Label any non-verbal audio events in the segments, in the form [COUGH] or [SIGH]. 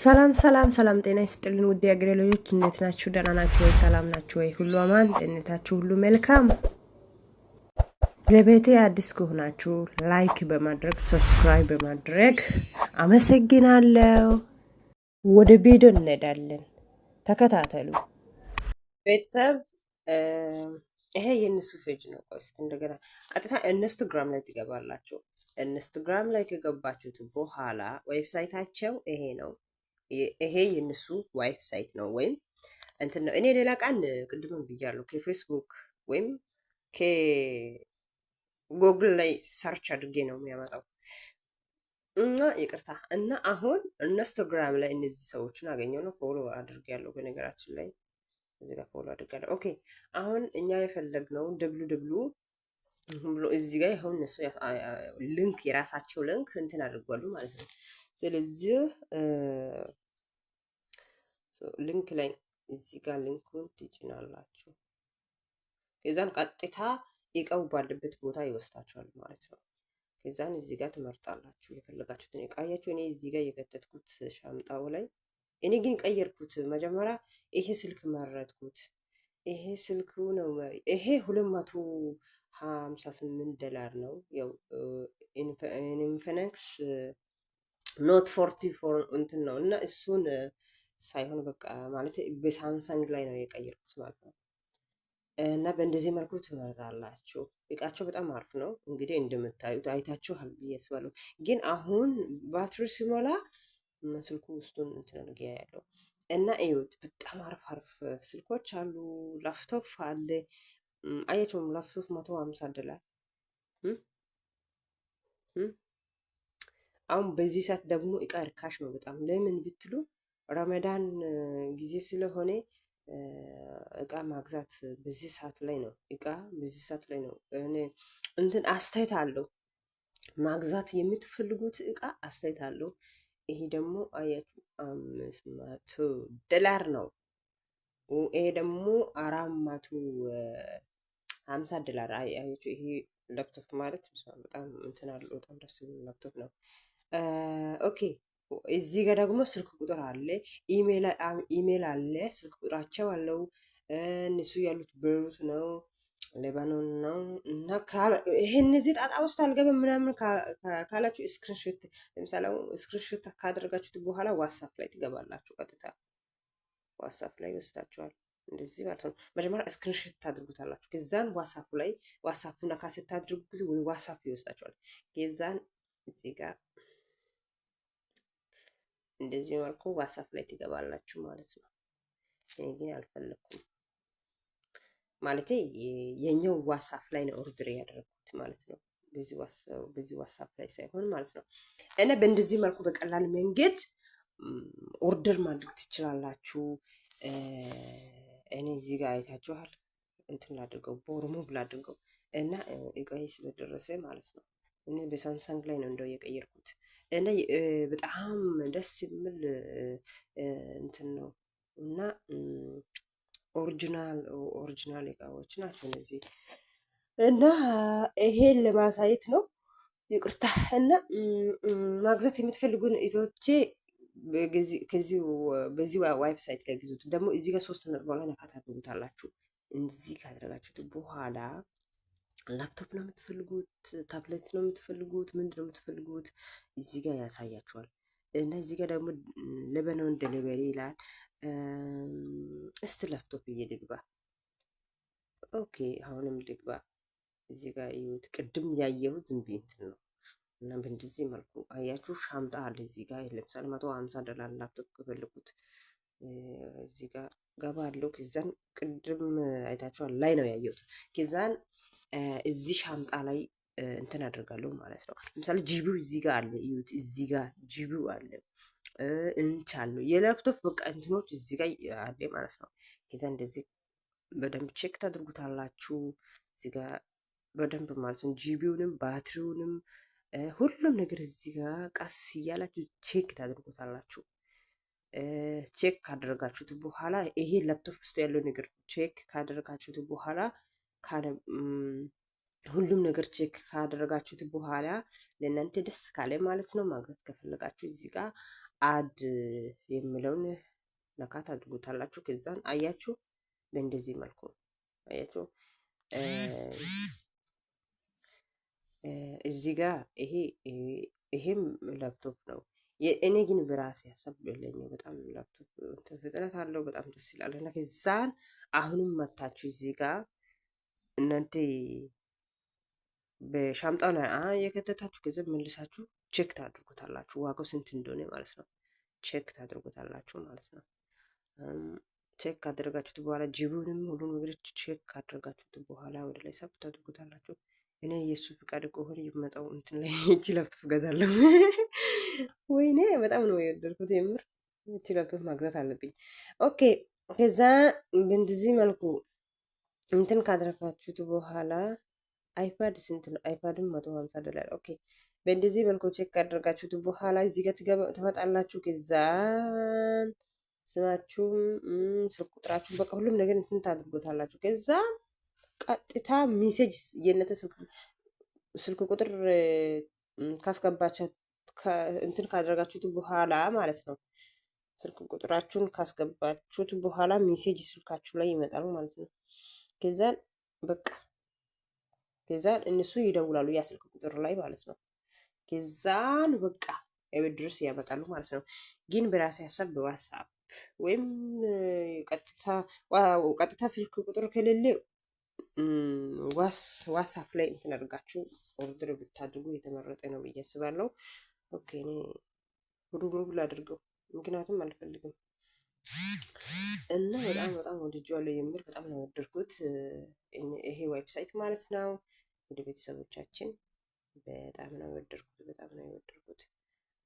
ሰላም ሰላም ሰላም፣ ጤና ይስጥልን ውድ የአገሬ ልጆች እንዴት ናችሁ? ደህና ናችሁ ወይ? ሰላም ናችሁ ወይ? ሁሉ አማን፣ ጤንነታችሁ ሁሉ መልካም። ለቤቴ አዲስ ከሆናችሁ ላይክ በማድረግ ሰብስክራይብ በማድረግ አመሰግናለሁ። ወደ ቪዲዮ እንሄዳለን፣ ተከታተሉ ቤተሰብ። ይሄ የእነሱ ፌጅ ነው። ቆስት እንደገና ቀጥታ ኢንስትግራም ላይ ትገባላችሁ። ኢንስትግራም ላይ ከገባችሁት በኋላ ዌብሳይታቸው ይሄ ነው። ይሄ የእነሱ ዌብሳይት ነው ወይም እንትን ነው። እኔ ሌላ ቀን ቅድምም ብያለሁ ከፌስቡክ ወይም ከጎግል ላይ ሰርች አድርጌ ነው የሚያመጣው እና ይቅርታ እና አሁን ኢንስታግራም ላይ እነዚህ ሰዎችን አገኘው ነው ፎሎ አድርግ ያለው በነገራችን ላይ እዚህ ጋር ፎሎ አድርጋለሁ። ኦኬ አሁን እኛ የፈለግነው ደብሉ ደብሉ ብሎ እዚህ ጋር ይኸው እነሱ ሊንክ የራሳቸው ሊንክ እንትን አድርጓሉ ማለት ነው። ስለዚህ ሊንክ ላይ እዚህ ጋር ሊንኩን ትጭናላችሁ። ከዛን ቀጥታ እቃው ባለበት ቦታ ይወስዳችኋል ማለት ነው። ከዛን እዚህ ጋር ትመርጣላችሁ የፈለጋችሁትን እቃያችሁ። እኔ እዚህ ጋር የከተትኩት ሻምጣው ላይ እኔ ግን ቀየርኩት። መጀመሪያ ይሄ ስልክ መረጥኩት። ይሄ ስልኩ ነው። ይሄ ሁለት መቶ ሀምሳ ስምንት ዶላር ነው። ያው ኢንፊኒክስ ኖት ፎርቲ ፎር እንትን ነው እና እሱን ሳይሆን በቃ ማለት በሳምሰንግ ላይ ነው የቀየርኩት ማለት ነው። እና በእንደዚህ መልኩ ትመርጣላችሁ። እቃቸው በጣም አሪፍ ነው። እንግዲህ እንደምታዩት አይታችኋል ብዬ አስባለሁ። ግን አሁን ባትሪ ሲሞላ ስልኩ ውስጡን እንትነርግ ያለው እና እዩት። በጣም አሪፍ አሪፍ ስልኮች አሉ። ላፕቶፕ አለ። አያቸውም። ላፕቶፕ መቶ ሀምሳ ዶላር አሁን በዚህ ሰዓት ደግሞ እቃ እርካሽ ነው በጣም ለምን ብትሉ ረመዳን ጊዜ ስለሆነ እቃ ማግዛት በዚህ ሰዓት ላይ ነው። እቃ በዚህ ሰዓት ላይ ነው። እንትን አስተያየት አለው ማግዛት የምትፈልጉት እቃ አስተያየት አለው። ይሄ ደግሞ አያችሁ አምስት መቶ ዶላር ነው። ይሄ ደግሞ አራት መቶ ሀምሳ ዶላር አያችሁ። ይሄ ላፕቶፕ ማለት በጣም እንትን አለው። በጣም ደስ የሚል ላፕቶፕ ነው። ኦኬ እዚህ ጋር ደግሞ ስልክ ቁጥር አለ፣ ኢሜል አለ፣ ስልክ ቁጥራቸው አለው። እነሱ ያሉት ቤሩት ነው፣ ሌባኖን ነው እና ይሄ እነዚህ ጣጣ ውስጥ አልገባም ምናምን ካላችሁ ስክሪንሾት ለምሳሌ ስክሪንሾት ካደረጋችሁት በኋላ ዋትሳፕ ላይ ትገባላችሁ። ቀጥታ ዋትሳፕ ላይ ይወስዳችኋል። እንደዚህ ማለት ነው። መጀመሪያ ስክሪንሾት ታድርጉታላችሁ። ከዛን ዋትሳፕ ላይ ዋትሳፕ እና ጊዜ ወደ ዋትሳፕ ይወስዳችኋል። ከዛን እዚህ ጋር እንደዚህ መልኩ ዋትሳፕ ላይ ትገባላችሁ ማለት ነው። እኔ ግን አልፈለኩም ማለት የኛው ዋትሳፕ ላይ ነው ኦርደር ያደረኩት ማለት ነው። በዚህ ዋትሳፕ ላይ ሳይሆን ማለት ነው። እና በእንደዚህ መልኩ በቀላል መንገድ ኦርደር ማድረግ ትችላላችሁ። እኔ እዚህ ጋር አይታችኋል። እንትን ላድርገው፣ በኦሮሞ ብላድርገው እና እቃዬ ስለደረሰ ማለት ነው እኔ በሳምሰንግ ላይ ነው እንደው የቀየርኩት። እኔ በጣም ደስ የሚል እንትን ነው እና ኦሪጂናል ኦሪጂናል እቃዎች ናቸው እነዚህ እና ይሄን ለማሳየት ነው። ይቅርታ እና ማግዛት የምትፈልጉን እህቶቼ በዚህ ዋይብሳይት ላይ ግዙት። ደግሞ እዚህ ጋር ሶስት ነጥብ ላይ ነካታ አድርጉታላችሁ። እንዚህ ካደረጋችሁት በኋላ ላፕቶፕ ነው የምትፈልጉት፣ ታብሌት ነው የምትፈልጉት፣ ምንድን ነው የምትፈልጉት እዚህ ጋር ያሳያችኋል። እና እዚህ ጋር ደግሞ ለበናውን ደሊቨሪ ይላል። እስቲ ላፕቶፕ እየድግባ ኦኬ፣ አሁንም ልግባ። እዚህ ጋር ይሁት ቅድም ያየሁት ዝም ብዬ እንትን ነው እና በእንደዚህ መልኩ አያችሁ፣ ሻምጣ አለ እዚህ ጋር ለምሳሌ መቶ ሀምሳ ዶላር ላፕቶፕ ከፈልጉት እዚህ ጋር ገባ አለው። ኪዛን ቅድም አይታችኋል ላይ ነው ያየሁት። ኪዛን እዚህ ሻንጣ ላይ እንትን አድርጋለሁ ማለት ነው። ለምሳሌ ጂቢው እዚህ ጋር አለ፣ እዩት። እዚህ ጋር ጂቢው አለ፣ እንች አለ፣ የላፕቶፕ በቃ እንትኖች እዚህ ጋር አለ ማለት ነው። ኪዛ እንደዚህ በደንብ ቼክ ታድርጉታላችሁ እዚህ ጋር በደንብ ማለት ነው። ጂቢውንም ባትሪውንም ሁሉም ነገር እዚህ ጋር ቀስ እያላችሁ ቼክ ታድርጉታላችሁ። ቼክ ካደረጋችሁት በኋላ ይሄ ላፕቶፕ ውስጥ ያለው ነገር ቼክ ካደረጋችሁት በኋላ ሁሉም ነገር ቼክ ካደረጋችሁት በኋላ ለእናንተ ደስ ካለ ማለት ነው ማግዛት ከፈለጋችሁ እዚህ ጋር አድ የሚለውን ነካት አድርጎታላችሁ። ከዛን አያችሁ፣ በእንደዚህ መልኩ አያችሁ። እዚህ ጋር ይሄ ይሄም ላፕቶፕ ነው እኔ ግን በራሴ ሀሳብ ለኛ በጣም ላፕቶፕ ፍጥነት አለው። በጣም ደስ ይላል እና ከዛን አሁንም መታችሁ እዚህ ጋር እናንተ በሻምጣው ላይ የከተታችሁ ገንዘብ መልሳችሁ ቼክ ታድርጉታላችሁ። ዋጋው ስንት እንደሆነ ማለት ነው። ቼክ ታድርጉታላችሁ ማለት ነው። ቼክ ካደረጋችሁት በኋላ ጅቡንም ሁሉ ነገሮች ቼክ ካደረጋችሁት በኋላ ወደ ላይ ሰብ ታድርጉታላችሁ። እኔ የእሱ ፍቃድ ከሆነ ይመጣው እንትን ላይ እጅ ላፕቶፕ ገዛለሁ። ወይኔ በጣም ነው የወደድኩት። የምር ችለቶች ማግዛት አለብኝ። ኦኬ ከዛ በእንደዚህ መልኩ እንትን ካደረጋችሁት በኋላ አይፓድ ስንት ነው? አይፓድም መቶ ሀምሳ ዶላር። ኦኬ በእንደዚህ መልኩ ቼክ ካደረጋችሁት በኋላ እዚህ ጋር ትመጣላችሁ። ከዛ ስማችሁም ስልክ ቁጥራችሁም በቃ ሁሉም ነገር እንትን ታድርጎታላችሁ። ከዛ ቀጥታ ሜሴጅ የእናንተ ስልክ ቁጥር ካስገባቻት እንትን ካደረጋችሁት በኋላ ማለት ነው ስልክ ቁጥራችሁን ካስገባችሁት በኋላ ሜሴጅ ስልካችሁ ላይ ይመጣል ማለት ነው። ከዛን በቃ ከዛን እነሱ ይደውላሉ ያ ስልክ ቁጥር ላይ ማለት ነው። ከዛን በቃ ድረስ ያመጣሉ ማለት ነው። ግን በራሴ ሀሳብ በዋትሳፕ ወይም ቀጥታ ስልክ ቁጥር ከሌለ ዋትሳፕ ላይ እንትን አድርጋችሁ ኦርደር ብታድርጉ የተመረጠ ነው ብዬ አስባለሁ። ኦኬ እኔ ሙሉ ሙሉ ላድርገው፣ ምክንያቱም አልፈልግም እና በጣም በጣም ወድጄዋለሁ። የምር በጣም ነው የወደድኩት ይሄ ዌብሳይት ማለት ነው። ወደ ቤተሰቦቻችን በጣም ነው የወደድኩት፣ በጣም ነው የወደድኩት።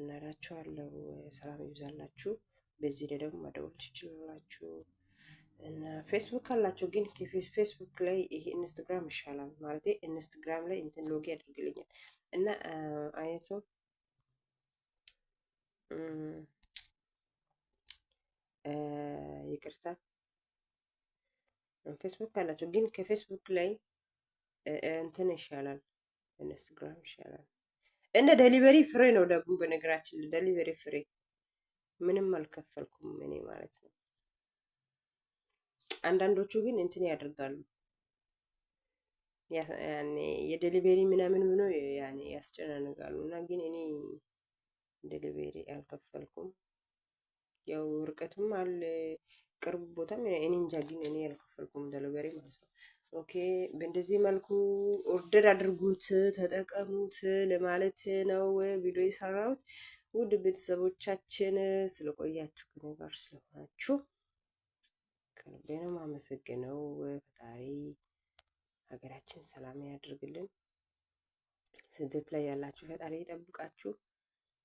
እናላችኋለሁ ሰላም ይብዛላችሁ። በዚህ ላይ ደግሞ ማደወል ትችላላችሁ እና ፌስቡክ አላችሁ፣ ግን ፌስቡክ ላይ ይሄ ኢንስትግራም ይሻላል ማለት ኢንስትግራም ላይ እንትን ሎጊ ያደርግልኛል እና አይነቱ ይቅርታ ፌስቡክ አላቸው ግን ከፌስቡክ ላይ እንትን ይሻላል፣ ኢንስትግራም ይሻላል። እንደ ደሊቨሪ ፍሬ ነው ደግሞ በነገራችን ደሊቨሪ ፍሬ ምንም አልከፈልኩም እኔ ማለት ነው። አንዳንዶቹ ግን እንትን ያደርጋሉ የደሊቨሪ ምናምን ብሎ ያስጨናንቃሉ እና ግን እኔ ዴሊቬሪ አልከፈልኩም። ያው ርቀትም አለ ቅርብ ቦታም እኔ እንጃ፣ ግን እኔ አልከፈልኩም ዴሊቬሪ ማለት ነው። ኦኬ፣ በእንደዚህ መልኩ ኦርደር አድርጉት፣ ተጠቀሙት ለማለት ነው ቪዲዮ የሰራሁት። ውድ ቤተሰቦቻችን ስለቆያችሁ ከኔ ጋር ስለሆናችሁ ከልቤ ነው የማመሰግነው። ፈጣሪ ሀገራችን ሰላም ያድርግልን። ስደት ላይ ያላችሁ ፈጣሪ ይጠብቃችሁ።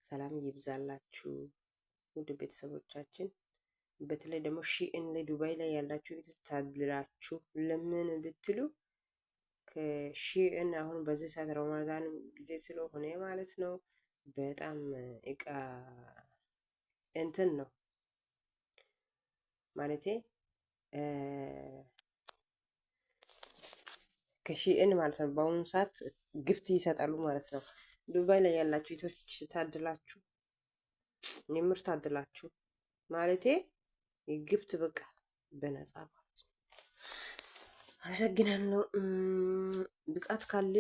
ሰላም ይብዛላችሁ ውድ ቤተሰቦቻችን። በተለይ ደግሞ ሺኤን ላይ ዱባይ ላይ ያላችሁ ቤቶች ታድላችሁ። ለምን ብትሉ ከሺኤን አሁን በዚህ ሰዓት ረመዳን ጊዜ ስለሆነ ማለት ነው በጣም እቃ እንትን ነው ማለቴ ከሺኤን ማለት ነው በአሁኑ ሰዓት ግብት ይሰጣሉ ማለት ነው። ዱባይ ላይ ያላችሁ እህቶች ታድላችሁ፣ የምር ታድላችሁ። ማለቴ ግብት በቃ በነጻ ማለት ነው። አመሰግናለሁ። ብቃት ካለ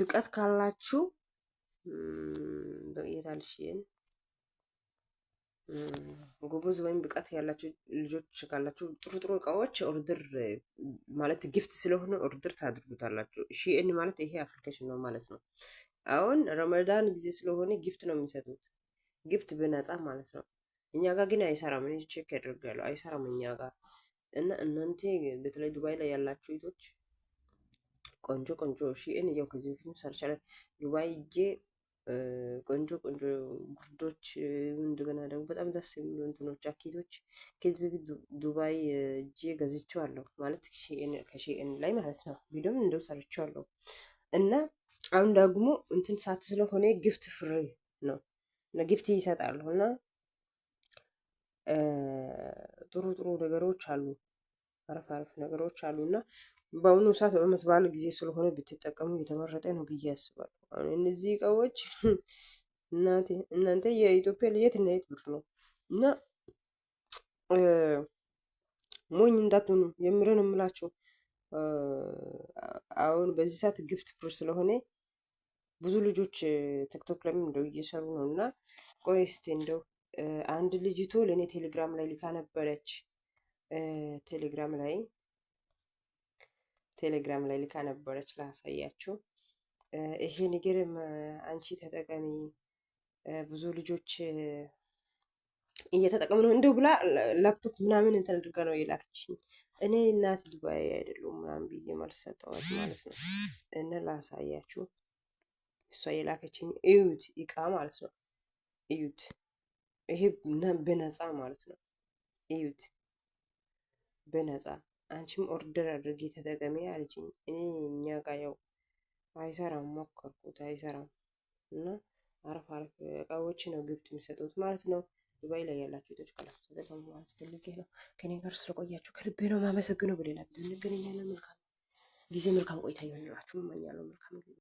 ብቃት ካላችሁ የታልሽን ጎበዝ ወይም ብቃት ያላችሁ ልጆች ካላችሁ ጥሩ ጥሩ እቃዎች ኦርድር ማለት ጊፍት ስለሆነ ኦርድር ታድርጉታላችሁ። ሺኤን ማለት ይሄ አፕሊኬሽን ነው ማለት ነው። አሁን ረመዳን ጊዜ ስለሆነ ጊፍት ነው የሚሰጡት። ጊፍት በነጻ ማለት ነው። እኛ ጋር ግን አይሰራም። እኔ ቼክ ያደርጋሉ አይሰራም እኛ ጋር እና እናንተ በተለይ ዱባይ ላይ ያላችሁ እህቶች ቆንጆ ቆንጆ ሺእን እያው ከዚህ በፊት ሰርቻለ ዱባይ እጄ ቆንጆ ቆንጆ ጉርዶች እንደገና ደግሞ በጣም ደስ የሚሉ እንትኖች አኬቶች ከዚህ በፊት ዱባይ እጄ ገዝቼዋለሁ ማለት ከሺእን ላይ ማለት ነው። ቪዲዮም እንደው ሰርቼዋለሁ እና አሁን ደግሞ እንትን ሳት ስለሆነ ግፍት ፍሪ ነው እና ግፍት ይሰጣል እና ጥሩ ጥሩ ነገሮች አሉ፣ አረፍ አረፍ ነገሮች አሉ እና በአሁኑ ሰዓት በዓመት በዓል ጊዜ ስለሆነ ብትጠቀሙ የተመረጠ ነው ብዬ አስባለሁ። አሁን እነዚህ እቃዎች [LAUGHS] እናንተ የኢትዮጵያ ለየት እና የት ብር ነው እና ሞኝ እንዳትሆኑ የምረን የምላቸው አሁን በዚህ ሰዓት ግፍት ፕር ስለሆነ ብዙ ልጆች ቲክቶክ ለምን እንደው እየሰሩ ነው እና ቆይ እስቲ እንደው አንድ ልጅቶ ለእኔ ቴሌግራም ላይ ሊካ ነበረች። ቴሌግራም ላይ ቴሌግራም ላይ ልካ ነበረች። ላሳያችሁ። ይሄ ነገር አንቺ ተጠቀሚ ብዙ ልጆች እየተጠቀሙ ነው እንደው ብላ ላፕቶፕ ምናምን እንትን አድርጋ ነው የላከችኝ። እኔ እናት ዱባይ አይደለሁም ምናምን ብዬ መልስ ሰጠኋት ማለት ነው እና ላሳያችሁ እሷ የላከችኝ እዩት እቃ ማለት ነው። እዩት፣ ይሄ በነፃ ማለት ነው። እዩት በነፃ አንቺም ኦርደር አድርጊ ተጠቀሚ አለችኝ። እኔ እኛ ጋ ያው አይሰራም፣ ሞከርኩት አይሰራም። እና አረፍ አረፍ እቃዎች ነው ግብት የሚሰጡት ማለት ነው። ዱባይ ላይ ያላችሁ ቶች ቀላፍ ተጠቀሙ ማለት ፈልጌ ነው። ከኔ ጋር ስለቆያችሁ ከልቤ ነው ማመሰግነው። በሌላ ጊዜ እንገናኛለን። መልካም ጊዜ፣ መልካም ቆይታ ይሆንላችሁ እመኛለሁ። መልካም ጊዜ